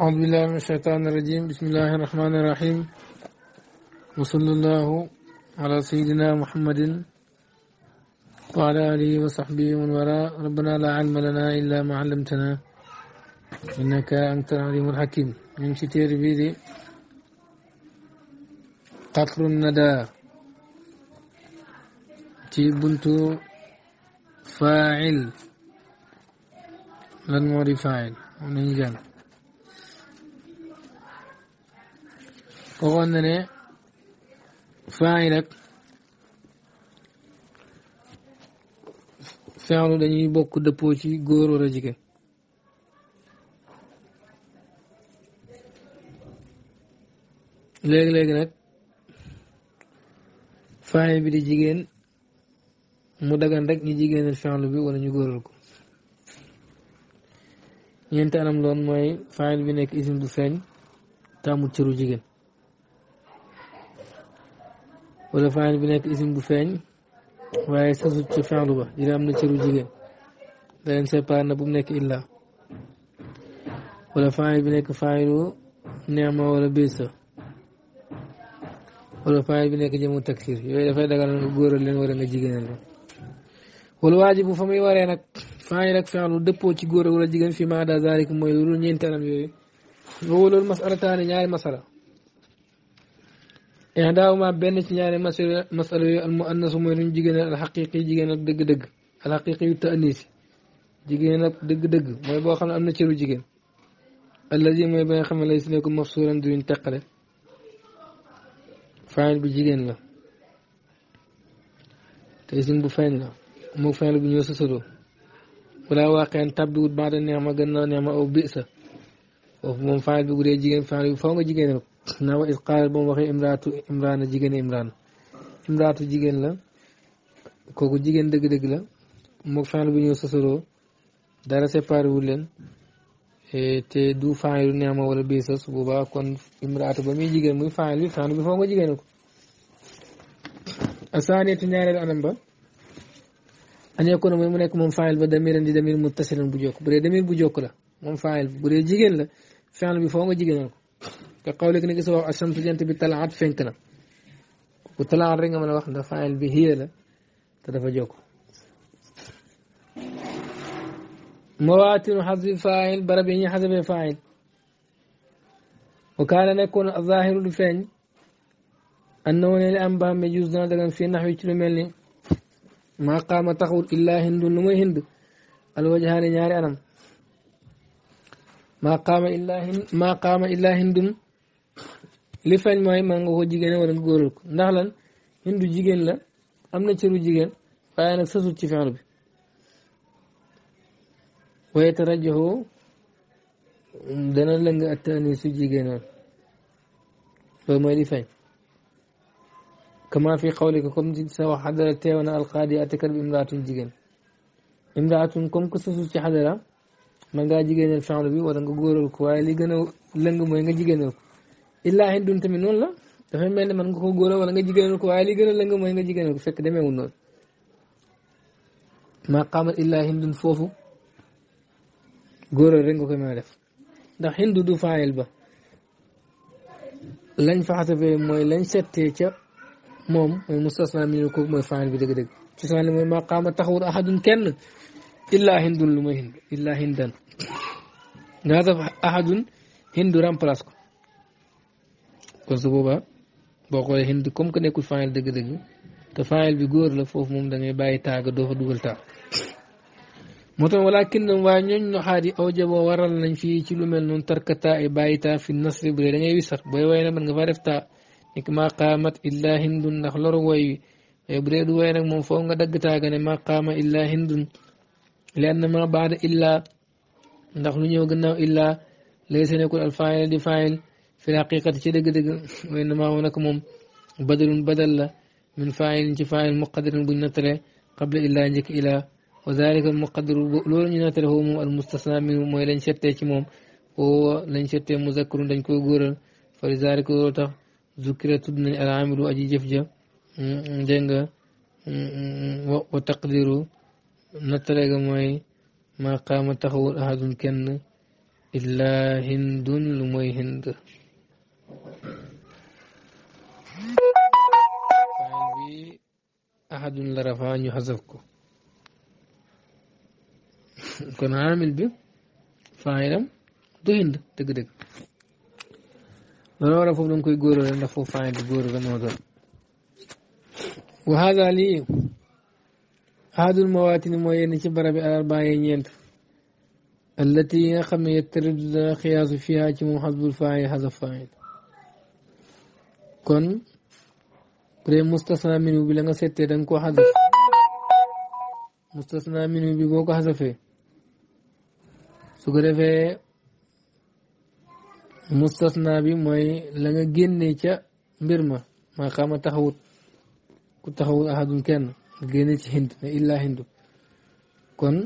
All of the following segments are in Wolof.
أعوذ بالله من الشيطان الرجيم بسم الله الرحمن الرحيم وصلى الله على سيدنا محمد وعلى آله وصحبه ومن والاه ربنا لا علم لنا إلا ما علمتنا إنك أنت العليم الحكيم من شتير بيدي قطر الندى بنت فاعل لن موري فاعل ونجان waxoon ne faayil ak fi'lu dañuy bokk dëppoo ci góor wala jigéen léegi-léegi nag faayil bi di jigéen mu dagan rek ñu jigéenal fi'lu bi wala ñu góoral ko ñeenti anam loon mooy faayil bi nekk isim du feeñ tàmmu cëru jigéen wala fayil bi nekk isim bu feeñ waaye sasut ci fenlu ba dina na cëru jigéen da leen séparé na bu mu nekk illa wala fayil bi nekk fayilu neema wala bisa wala bi nekk jëmu taksir yooyu dafay dagal nga góoral leen wala nga jigéenal leen waajibu fa muy nag fayil ak fenlu dëppoo ci góor wala jigéen fi maada zalik mooy loolu ñeenti anam yooyu loolu masala ñaari masala ihdaahuma benn ci ñaari masala yooyu al muannas mooy lu ñu jigéenal al jigéen ak dëgg-dëgg al yu taanisi jigéen ak dëgg-dëgg mooy boo xam ne am na cëru jigéen allazi mooy ba nga xam ne lay si nekku mafsuulan duñu teqale faayil bi jigéen la tey sin bu feeñ la moo feeñ la bu ñëw sësaloo wala waaqeen tabbiwut baax da neex ma gën naa neex ma aw bi sa foofu moom faayil bi bu dee jigéen faayil bi foo nga jigéen ko naa wa is qaal ba mu waxee imraatu imraana jigéen imraan imraatu jigéen la kooku jigéen dëgg-dëgg la mook fenl bu ñëw sësoroo dara séparé wu leen e, te du fenl lu neema wala bii sas kon imraatu ba muy jigéen muy fenl bi fenl bi foo nga jigéen na mu nekk moom fenl ba damiran di damir muttasilan bu bu dee bu jokk la moom fenl bi bu dee jigéen la bi foo nga ko ka xawle gi ne gis wax ashamsu jant bi talaat fenk na bu talaat rek nga mën a wax ndax faayil bi hiya la te dafa jokk mawaatinu xasbi faayil barab yi ñuy xasabee faayil wa kaana nekkoon azahiru du feeñ annahu ne li am ba xam jus dana dagan fii nax wi ci lu mel ni maa qaama taxawul illaa hindu lu muy hind alwajhaani ñaari anam maa qaama illaa hind maa qaama illaa hindun li feeñ mooy maa nga ko jigéen wala nga góoral ko ndax lan ñun la am na cëru jigéen waaye nag sësul ci fenn bi waaye te dana lëng attaani su jigéenoon loolu mooy li feeñ kama fi xawlika sa wax xadara teew alqaadi atakar bi imraatun jigéen imraatun comme que sësul ci xadara ma ngaa jigéeneel fenn bi wala nga góoral ko waaye li gën a lëng mooy nga illaa hindun tamit noonu la dafay mel man nga ko góora wala nga jigéenal ko waaye li a la nga mooy nga jigéenal ko fekk demeewul noonu maa qaamat illaa hindun foofu góora rek nga koy def ndax hindu du faayel ba lañ faxatafee mooy lañ settee ca moom mooy mustasna mi ne kooku mooy faayel bi dëgg-dëgg ci saan mooy maa qaamat taxawul ahadun kenn illaa hindun lu may hind illaa hindan nga def ahadun hindu remplace ko kon su boobaa boo xoolee hind comme que nekkul faayil dëgg-dëgg te faayil bi góor la foofu moom da ngay bàyyi taaga doo fa dugal taa moo tax walakin waaye ñooñ noxaat yi aw ci lu mel noonu tarka taa i bàyyi taa fi nasri bu dee da ngay wisar booy way nag mën nga faa def taa nekk maa qaamat illaa hindun ndax loru woy wi mais bu dee du way moom foofu nga dagg taaga ne maa qaama illaa hindun lenn ma baada illaa ndax lu ñëw gannaaw illaa lay sa nekkul al faayil di faayil fi xaqiqati ci dëgg-dëgg way na maamu nag moom badalun badal la min faayilin ci faayil muqadarin buñ nattale qabla illaa njëkk ilaa wa zalika al muqadaru loolu ñu nattale foofu moom al mustasna min mooy lañ settee ci moom oo lañ settee muzakkarun dañ koo góoral fa li zalika loolu tax zukkira tudd nañ al amilu aji jëf ja mm, dégg nga mm, wa taqdiru nattale ga mooy maa qaama taxawul ahadun kenn illaa hindun lu mooy hind أحد من الرفان يحذفكو كن عامل بي فاينم دو هند دك دك ونو رفو بنكو يقولو لن رفو فاين دقورو بنوضر وهذا لي أحد المواتن موين شبر بأربع ينينت التي يخم يتردد خياس فيها كمو حذب الفاين حذف فاين كن bu dee mustasna minhu bi la nga settee da nga koo xasaf mustasna minhu ko xasafee su ko bi mooy la nga génnee ca mbir ma maa a taxawut ku taxawut ahadun kenn nga génne ci hind ne illa hindu kon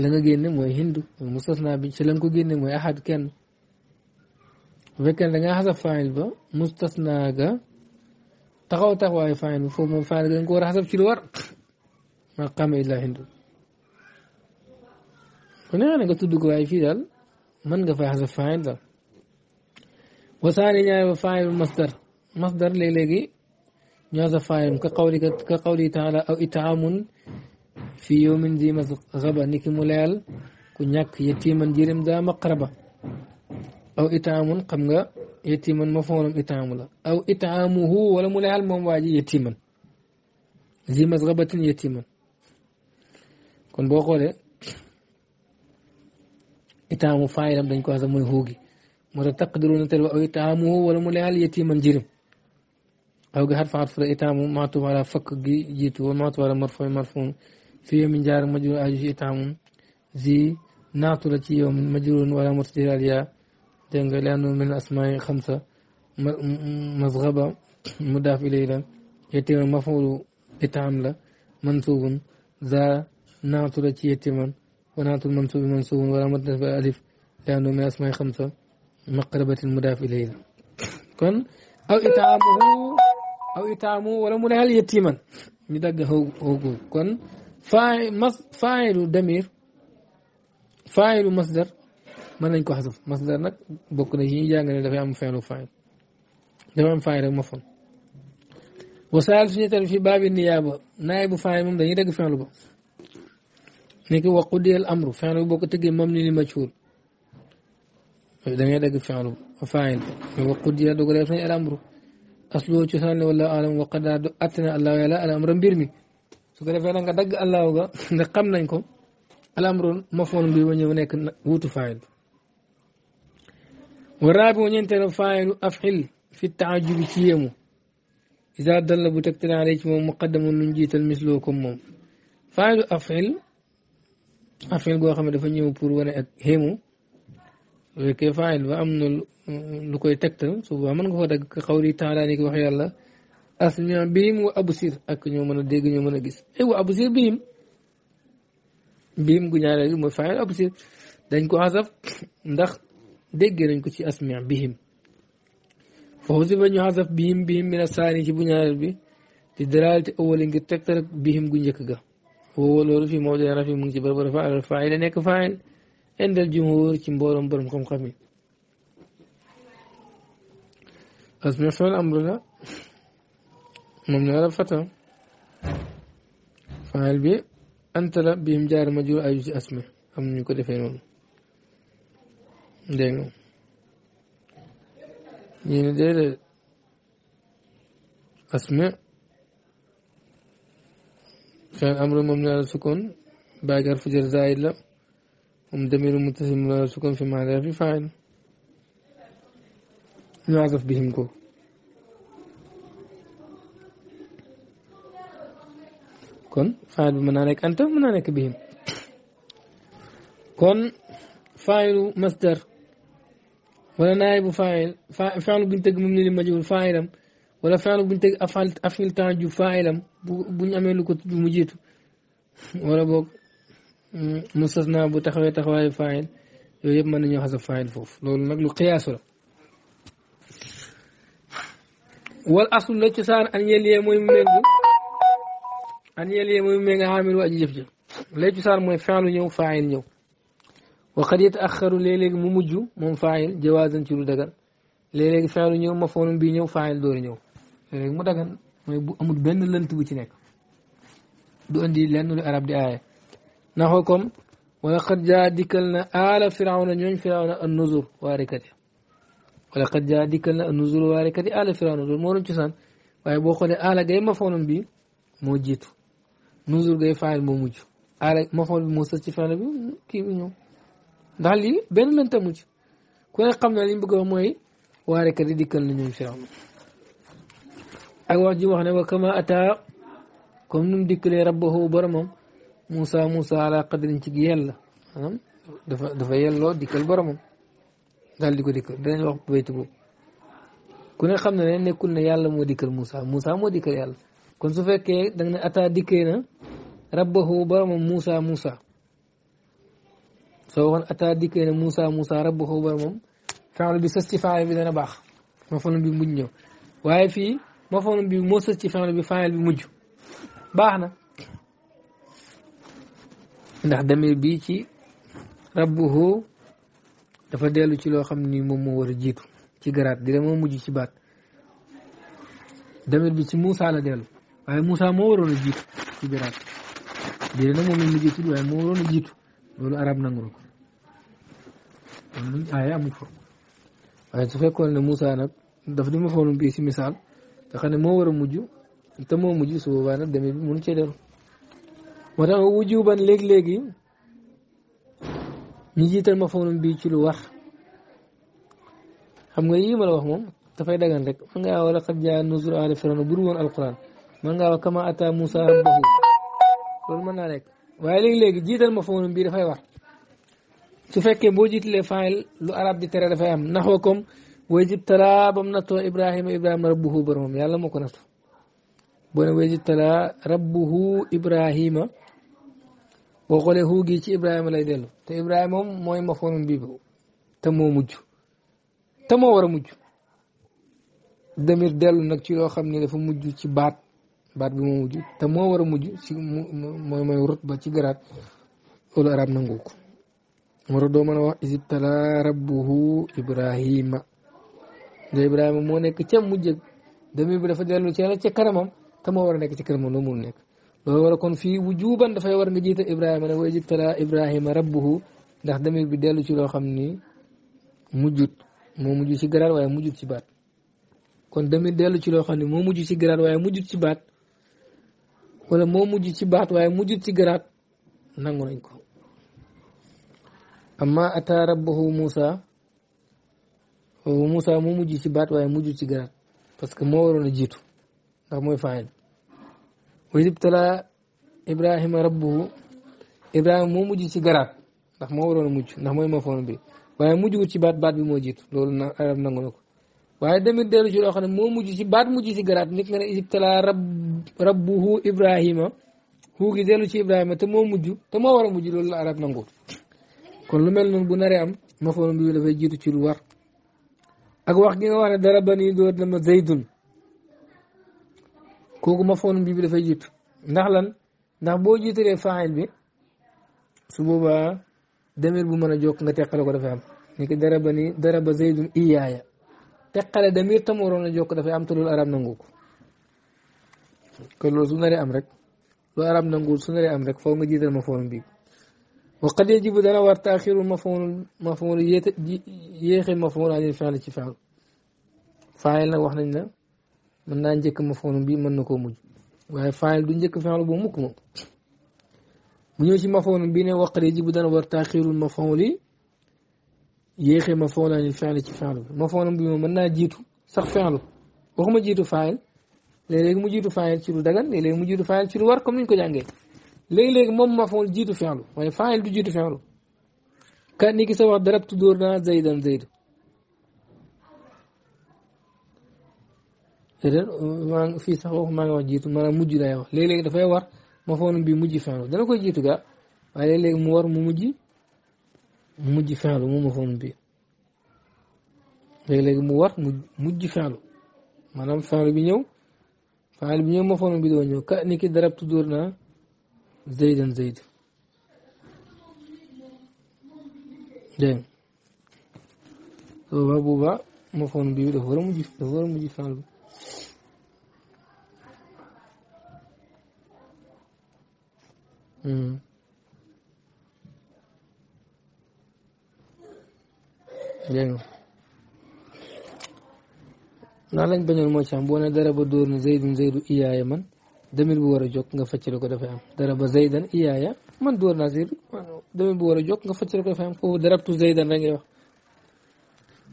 la nga génne mooy hindu mustasna bi ci la nga ko génne mooy ahad kenn bu fekkee da nga xasaf faayil ba mustasna ga تقوى يفعل فاين فومو فاين نقول حسب كيلور ما قام إلا هندو هنا أنا قلت دوك واي في دل من قفى حسب فعل دل وثاني جاي فعل المصدر مصدر لي لقي جاز فعل كقولي كقولي تعالى أو إطعام في يوم ذي مزغبة نكي ملال ku يتيما جيرم دا مقربة أو aw قمغة يتيما مفهوم إطعام لا أو إطعامه ولا ملاح المواجي يتيما زي مزغبة يتيما كون بوقو لي فاعل أم دنكو هذا من هوغي مرة تقدرون تلو أو ولا ملاح يتيما جرم أو غير فعل فر إطعام ما توب على فك جي جيتو ما على مرفوع مرفوع في من جار مجرور أجي إطعام زي ناطرة يوم مجرور ولا مرتدي عليها دينغ لأنه من الأسماء خمسة مزغبة مضاف إليه يتيم مفعول بتعمل منصوب ذا نعت لك يتيما ونعت المنصوب منصوب ولا مدنس ألف لأنه من الأسماء خمسة مقربة المضاف إليه كن أو إطعامه أو إطعامه ولا منهل يتيما ندق هو كن فاعل مصدر فاعل مصدر mën nañ ko xasaf masdar nag bokk na ci ñuy jàngale dafay am feelu faay dafay am faay rek ma fon wasaal suñu tal fi baabi niyaaba naay bu faay moom dañuy dagg feelu ba nekk wa qudiyal amru feelu bi boo ko tëggee moom ni li majhuul dangay dagg wa qudiya dogo def nañ al amru aslu cosaan la wala alam wa qadaa du attana allahu yàlla al amra mbir mi su ko defee dagg allahu ga nga xam nañ ko al amru mafoon bi ba ñëw nekk wuutu waraabi ñeenteelu faayilu afxil fi taajubi ci yéemu isa dalla bu tegtale ale ci moom muqaddamun luñ jiital misloo comme moom faayilu afxil goo xam ne dafa ñëw pour wane ak xéemu fekkee faayil ba am na lu koy tegtal su boobaa mën nga ko dagg xawli taala ni ko wax ak ñoo mën a dégg ñoo mën a eh, gu ñaareel gi mooy faayil abusir dañ ko xasaf dégg nañ ko ci asmi bihim foofu si fa ñu xasaf bihim bihim min asaani ci bu ñaareel bi di dalaalati awali ngir tegtal ak bihim gu njëkk ga woowa loolu fii moo dee rafi mu ngi ci bërëb rafa alal faayil nekk faayil ci mbooloom borom xam-xam yi asmi fal amru la moom la fata faayil bi anta bihim jaar majur ayu ci asmi am ñu ko defee noonu dégg nga ñu ne déedéet asma xel amru moom ne ala sukkoon bàyyi gar fujar zaid la moom damiru mutasim la ala sukkoon fi maanaam fi faayil ñu asaf bihim ko kon faayil bi mën naa nekk anta mën naa nekk bihim kon faayilu masdar ولا نائب فاعل فاعل بنت من لما جول فاعلم ولا فاعل بنت افعل افعل تانجو فاعلم بو نعمل لكو مجيتو ولا بوك مستثنى بو تخوي تخوي فاعل يجب من نيو حسب فاعل فوف لول نقلو قياس لا والاصل لا تسان ان يلي موي ميغو ان يلي موي ميغا عامل واجي جفجي لا تسان موي فاعل نيو فاعل نيو waxat yit axaru léeg-léegi mu mujj moom faayil jawaasan ci lu dagan léeg-léegi faalu ñëw ma foonum ñëw faayil dooru ñëw léeg-léegi mu dagan mooy bu amul benn lënt bu ci nekk du andi lenn lu arab di aaye na ko comme wala xat jaa dikkal na aala firawna ñooñ firawna an nuzur waarikati wala xat jaa na an nuzur waarikati aala firawna loolu moo doon waaye boo xoolee aala gay ma foonum bi moo jiitu nuzur gay faayil moo mujj aala ma bi moo sës ci faalu bi kii bi ñëw ndax lii benn lënt amu ci ku ne xam naa li ñu bëgg a wax mooy waarekat yi dikkal na ñoom Firawna ak wax ji wax ne wa kama ata comme nu mu dikkalee rabbahu boromam Moussa Moussa ala qadrin ci yàlla maanaam dafa dafa dikkal boromam daal ko dikkal danañ wax baytu boobu ku ne xam ne nekkul ne yàlla moo dikkal Moussa Moussa moo dikkal yàlla kon su fekkee da nga ne ata dikkee na rabbahu boromam Moussa Moussa سواء أتى ديكنا موسى موسى ربه برمم فعل بسست فاعل بدنا باخ مفعول بمجنو waaye fii mafoon bi moo sës ci fin bi faayal bi mujj baax na ndax damir bi ci rabbuhu dafa dellu ci loo xam ni moom moo war a jiitu ci garaat di moo mujj ci baat damir bi ci Moussa la dellu waaye Moussa moo waroon a jiitu ci garaat di na moom la mujj tudd waaye moo waroon a jiitu loolu arab nangu na ko aaya amul for waaye su fekkoon ne Moussa nag daf di ma xoolum bii si misaal ne moo war a mujj moo mujj su boobaa nag bi mënu cee dellu moo tax wujuban léegi-léegi ñu jiital ma foonum bii ci lu war xam nga yii ma la wax moom dafay dagan rek mën ngaa wala xat jaa nuzur ala firawna bu dul woon alquran mën ngaa wax ata Moussa rabbahu loolu mën naa nekk waaye léegi-léegi jiital maf'uulun bii dafay war su fekkee boo jiitalee faayil lu arab di tere dafay am naxoo comme wayjib talaa bam nattoo ibrahima ibrahima rabbuhu boromam yàlla moo ko nattu boo ne wayjib talaa rabbuhu ibrahima boo xoolee huu gi ci ibrahima lay dellu te ibrahima moom mooy maf'uulun bii te moo mujj te moo war a mujj demir dellu nag ci loo xam ne dafa mujj ci baat baat bi moo mujj te moo war a mujj ci mooy mooy rut ci garaat loolu arab nangu ko war a doo mën a wax isibtala rabbuhu ibrahima da ibrahima moo nekk ca mujj demir bi dafa dellu ci yàlla ca kanamam te moo war nekk ci kanamam loo mun nekk loolu war a kon fii dafay war nga jiita ibrahima ne wa isibtala ibrahima rabbuhu ndax demir bi dellu ci loo xam ni mujjut mujj ci garaat waaye mujjut ci baat kon dellu ci loo xam ni moo mujj ci garaat waaye mujjut ci baat wala moo mujj ci baat waaye mujjut ci garaat nangu nañ ko amma ata rabbahu Moussa moo mujj ci baat waaye mujjut ci garaat parce que moo waroon a jiitu ndax mooy faayil wa moo mujj ci garaat ndax moo waroon a mujj ndax mooy ma foon bi waaye mujjul ci baat baat bi moo jiitu loolu arab nangu na ko waaye demit dellu ci loo xam ne moo mujj ci baat mujj ci garaat nit nga ne ibtala rab rabbuhu ibrahima huu gi dellu ci ibrahima te moo mujj te moo war a mujj loolu la arab nangu kon lu mel noonu bu naree am mafoon bi dafay jiitu ci lu war ak wax gi nga wax ne dara ba nii dóor na ma zaydun kooku mafoon bi dafay jiitu ndax lan ndax boo jiitalee faayil bi su boobaa demir bu mën a jokk nga teqale ko dafay am ni ki dara ba nii dara ba zaydun teqale damir tam waroon a jokk dafay am te loolu arab nangu ko kon loolu su naree am rek loolu arab nanguwul su naree am rek foo nga jiital mafoon bi wa qad yajibu dana war taaxiru mafoon mafoon yéete yéexe mafoon anil fi'l ci fi'l faayil nag wax nañ la mën naa njëkk mafoon bi mën na koo mujj waaye du njëkk fi'l bu mukk moom mu ñëw ci mafoon bi ne wa qad yajibu dana war taaxiru mafoon yéexee ma foona ni fenlu ci fenlu bi ma moom mën naa jiitu sax fenlu ma jiitu faayil léeg-léegi mu jiitu faayil ci lu dagan léeg-léegi ci war comme ni ñu ko jàngee léegi-léegi moom ma foon jiitu fenlu waaye du jiitu fenlu kat sa wax darabtu dóor naa zaydan zayd maa ngi fii sax waxu maa ngi jiitu maanaam mujj lay wax léeg-léegi dafay war ma foona bi mujj fenlu dana koy jiitu ga waaye léeg-léegi mu war mu mujj mujj fenlu mu mafoon bi léegi-léegi mu wax mu mujj fenlu maanaam fenlu bi ñëw fenlu bi ñëw mafoon bi doo ñëw ka ni ki darabtu dóor naa zaydan zayd dégg booba booba mafoon bi dafa war a mujj fenlu bi hmm. dégg nga ndax lañ bañoon mooy ci am boo ne dara ba dóor na zaydun zaydu iyaaya man demir bu war a jóg nga fëccale ko dafay am dara ba zaydan iyaaya man dóor naa zayd demir bu war a jóg nga fëccale ko dafay am foofu darabtu zaydan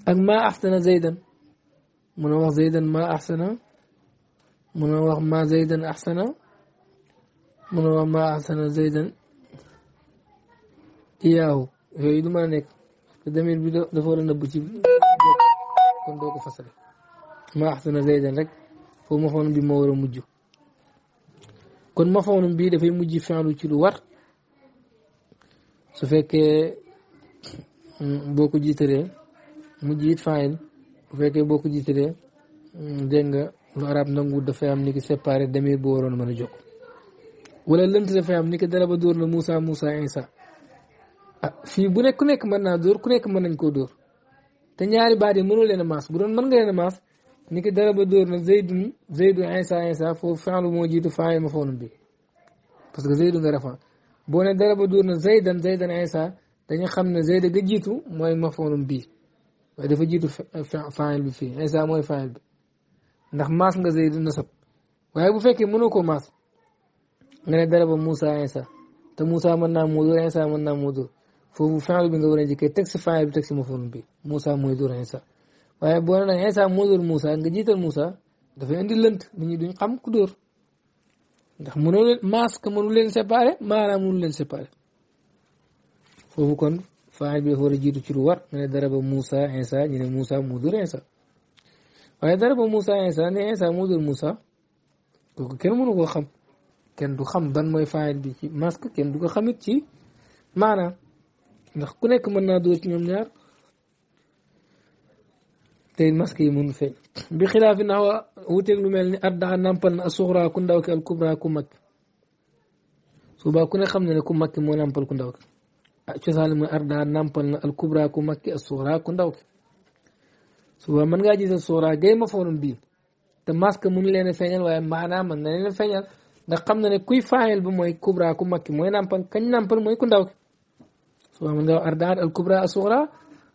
ak maa axsana zaydan mun a wax zaydan maa axsana mun a wax maa zaydan a wax maa axsana zaydan iyaahu te bi dafa war a nëbb ci kon doo ko fasal ma axsana zaydan rek foofu mafoonum bi moo war a mujj kon mafoonum bi dafay mujj fenlu ci lu war fekkee mm, boo ko jiitalee mujj it fenil bu fekkee boo ko jiitalee mm, dégg nga lu arab nangu dafay am ni ki séparé damir bu waroon mën a jóg wala lënt dafay am ni ki dara ba dóor la Moussa Moussa Insa Ah, fii bu nekk ku nekk mën naa dóor ku nekk mën nañ koo dóor te ñaari baat yi leen a maas bu doon mën nga leen a maas ni ki dara ba dóor nag zaydun zaydu insa insa foofu moo jiitu fenl ma foolum bi parce que zaydu nga boo ne dara ba dóor na zaydan zaydan insa dañu xam ne zayda ga jiitu mooy ma foolum bii waaye dafa jiitu fenl bi fii insa mooy fenl bi ndax maas nga zaydu nasab waaye bu fekkee mënoo koo maas nga ne dara ba Moussa insa te Moussa mën naa moo dóor insa mën naa moo foofu fenn bi nga war a njëkkee teg si fenn bi teg si mafoon bi Moussa mooy dóor Insa waaye boo nee Insa moo dóor Moussa nga jiital Moussa dafay indi lënt nit ñi duñ xam ku dóor ndax mënoo leen masque mënu leen séparé maanaam mënu leen séparé foofu kon fenn bi dafa war a jiitu ci lu war nga ne dara ba Moussa Insa ñu ne Moussa moo dóor Insa waaye dara ba Moussa Insa ne Insa moo dóor Moussa kooku kenn mënu koo xam kenn du xam ban mooy fenn bi ci masque kenn du ko xamit ci maanaam. ndax ku nekk mën naa dóor ci ñoom ñaar te masque yi mënu feeñ bi xilaafi nax wa lu mel ni addaa nàmpal na asuxraa ku ndaw ki al kubra ku mag suba ku ne xam ne ku mag ki moo nàmpal ku ndaw ah, mooy arda nàmpal na al kubra ku mag ku ndaw ki mën ngaa gis asuxraa gay ma a feeñal waaye maanaam mën na leen a feeñal ndax xam na ne kuy faayal ba mooy kubra ku mag ki mooy nàmpal kañ nàmpal mooy ku ndaw ki سواء من الأردات الكبرى الصغرى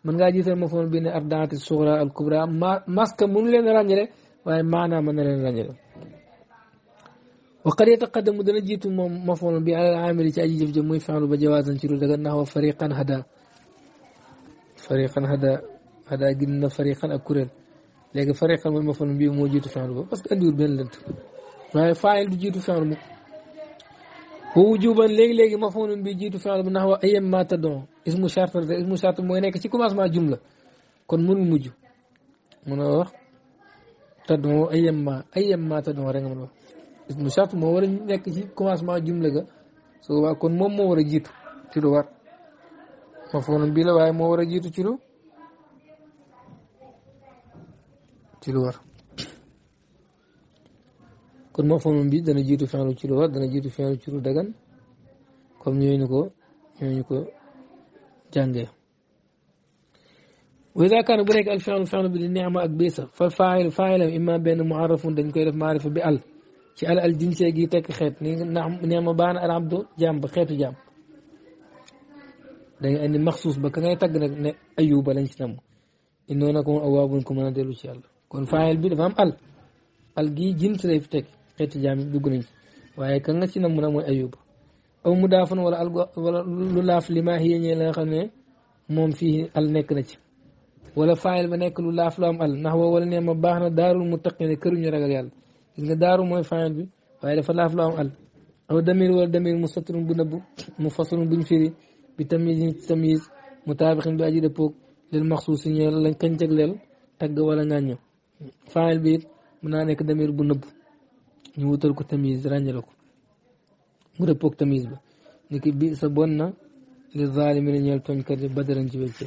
من غادي يصير مفهوم بين الأردات الصغرى الكبرى ما ماسك من لين رانجرة وهي معنى من لين رانجرة وقد يتقدم درجيت مفهوم بين العامل تأجيج في جمعي فعل بجواز نشروا لأنه فريقا هدا فريقا هدا هدا جن فريقا أكرر لكن فريقا مفهوم بين موجود فعل بس أدور بين لنت فاعل بجيت فعل مفهوم wa wujuban léegi-léegi maf'ulun bi jiitu fi'l bu naxwa ayyam ma tad'u ismu shart la ismu shart mooy nekk ci commencement jumla kon mënul mujj wax tad'u ayyam ma ayyam ma tad'u rek nga mën wax ismu shart moo nekk ci commencement jumla ga su boobaa kon moom moo war a jiitu ci lu war maf'ulun bi la waaye moo war a jiitu ci lu ci lu war kon mafhum bi dana jiitu fi'lu ci lu war dana jiitu fi'lu ci lu dagan comme ñooñu ko ñooñu ko jàngee wa ida kaana bu nekk al fi'lu fi'lu bi di ni'ma ak bisa fa fa'il fa'ilam imma benn mu'arrafun dañ koy def maarifa bi al ci al al jinsee gi tekk xeet ni ni'ma baana al abdu jaam ba xeetu jaam dañu andi maxsuus ba ka ngay tagg nag ne ayuba lañ ci nam innoona ko awaabun ko mën a dellu ci yàlla kon fa'il bi dafa am al al gii jins lay fi tekki xeeti jaam yi dugg nañ waaye ka nga ci namm na mooy ayub aw mu daafan wala al wala lu laaf li maa yéñee la nga xam ne moom fii al nekk na ci wala faayil ba nekk lu laaf lu am al ndax woo wala nee ma baax na daarul mu taqine këru ñu ragal yàlla gis nga daaru mooy faayil bi waaye dafa laaf lu am al aw damir wala damir mu saturun bu nëbb mu fasurun buñ firi bi tamisin ci tamis mu taabixin bi aji dëppoog lil maxsuus ñeel lañ kañ jagleel tagg wala ngàñño faayil bi it mën naa nekk damir bu nëbb ñu wutal ko tamise ràññale ko mu dëppoog tamise ba ni ki bii sa bon na li zaalimi na ñeel tooñkat yi badalan ci wécce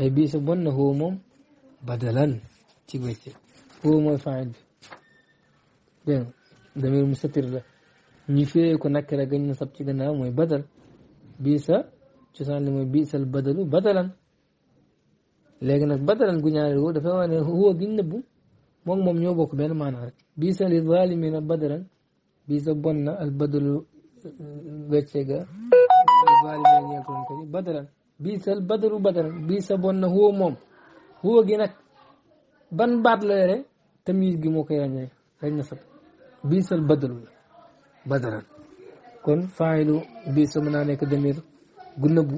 ay bii sa bon na xoo moom badalan ci wécce xoo bi dégg mu satir la ñu firee ko nakira gañ na sab ci gannaaw mooy badal bii sa cosaan li mooy bii badalu badalan léegi nag badalan gu ñaari woo dafay wane xoo giñ moom moom ñoo bokk benn maanaa rek biisa li zalimina badran biisa bon na euh, al badalu gàcce ga zalimina ñeekoon ko badran bon na huwa moom huwa gi nag ban baat la yore tamit gi moo koy ràññee rek na sab biisa al badalu badran kon faayilu biisa mën naa nekk demir gu nëbbu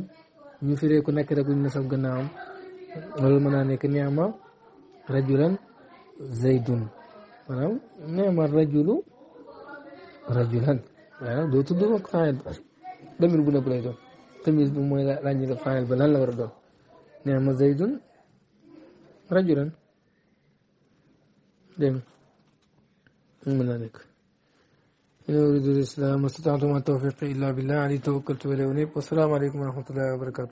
ñu firee ko nekk rek guñ na sab gannaawam loolu mën naa nekk niama rajulan zaydun maanaam neema rajulu rajulan maanaam doo tudd ko faayil ba damir bu nëbb lay doon tamis bi mooy laaj ñu def faayil ba lan la war a doon neema zaydun rajulan dégg nga mën naa nekk إن أريد الإسلام ما استطعت وما توفيقي إلا بالله عليه توكلت وإليه أنيب والسلام عليكم ورحمة الله وبركاته